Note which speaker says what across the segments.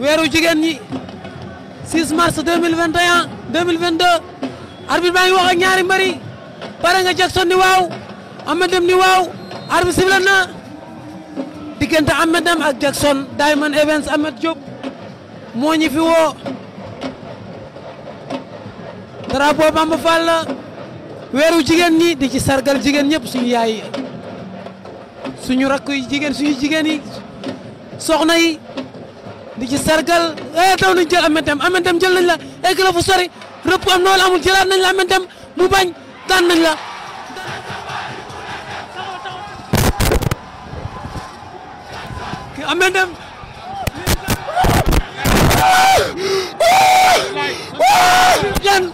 Speaker 1: weeru jigéen ñi 6 mars 2021 2022 arbitre baa ngi wax ak ñaari mbër yi pare nga Jackson ni waaw Ahmed dem ni waaw arbitre sifflé na diggante Ahmed Deme ak Jackson Diamond Events Ahmed Diop moo ñi fi woo drapeau Bamba Fall la weeru jigéen ñi di ci sargal jigéen ñëpp suñu yaay suñu rakk yi jigéen suñu jigéen soxna yi di ci sargal eh daw nañ jël Ahmed Deme Ahmed Deme jël nañ la egg la fu sori rëpp am noonu amul jëlaat nañ la Ahmed Deme mu bañ daan nañ la. Ahmed Deme. yan.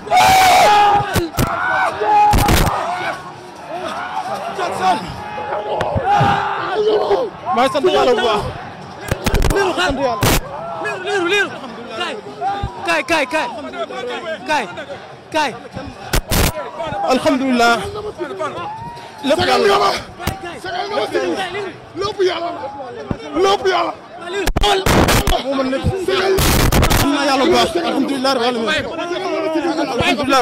Speaker 1: maa ngi sant yàlla bu baax. liiru liiru liiru kay kay kay kay kay kay alhamdulilah lépp yàlla lépp yàlla lépp yàlla moo mën lépp am na yàlla bu baax alhamdulilah rabbil alamin alhamdulilah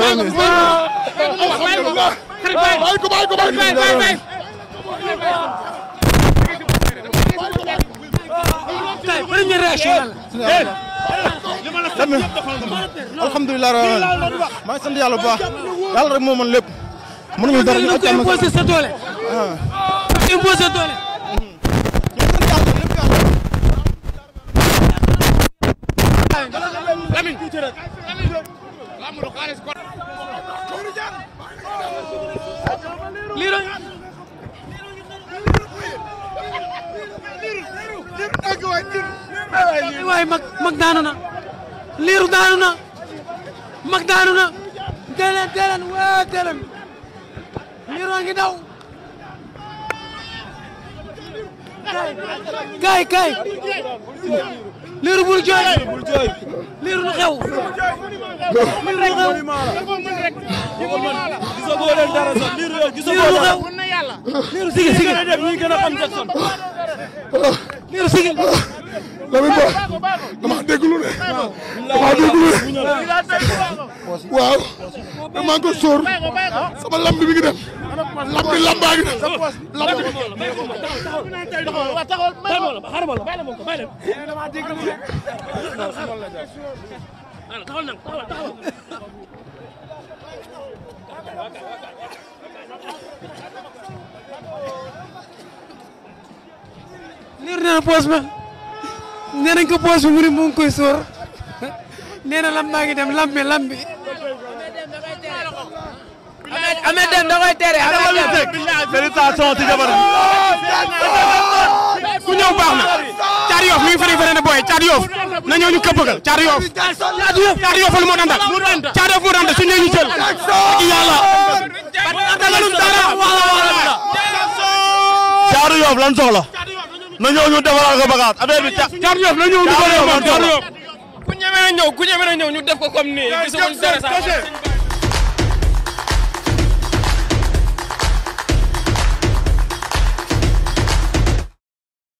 Speaker 1: rabbil alamin première réaction lan la. alhamdulilah maa ngi sant yàlla bu baax yàlla rek moo mën lépp. mënuñu dara ñu ko imposé sa doole. imposé doole. lii rek. lii rek. waaye mag mag daanu na liiru daanu na mag daanu na deeleen deeleen waa deeleen liiroo ngi daw kay kay liiru bul jooy liiru lu xew mën rek xew gisagoo leen dara sax liiru yow gisagoo dara liiru sigil sigil liiru sigil Lamine Ba damaa dégg lu ne. damaa dégg lu ne. waaw. maa ngi ko sóor sama lamb bi mi ngi dem. lamb bi lambaa ngi dem. lamb bi. liir na poos ma. nee nañ ko poos bi mu ne ngi koy sóor nee na lam ngi dem lam bi lam bi. Ameth Deme da koy jabar bi ku ñëw baax na. caar yoof mi ngi fari fari ne booy caar yoof na ñëw ñu këppëgal caar yoof. caar yoof lu moo daan dal yoof moo daan dal suñu ñëwee ñu yoof lan soxla. na ñëw ñu defaraat ko bagaat affaire bi ca. Thiatou Yoff na ñëw ñu ko defaraat ko. ku ñeme na ñëw ku ñeme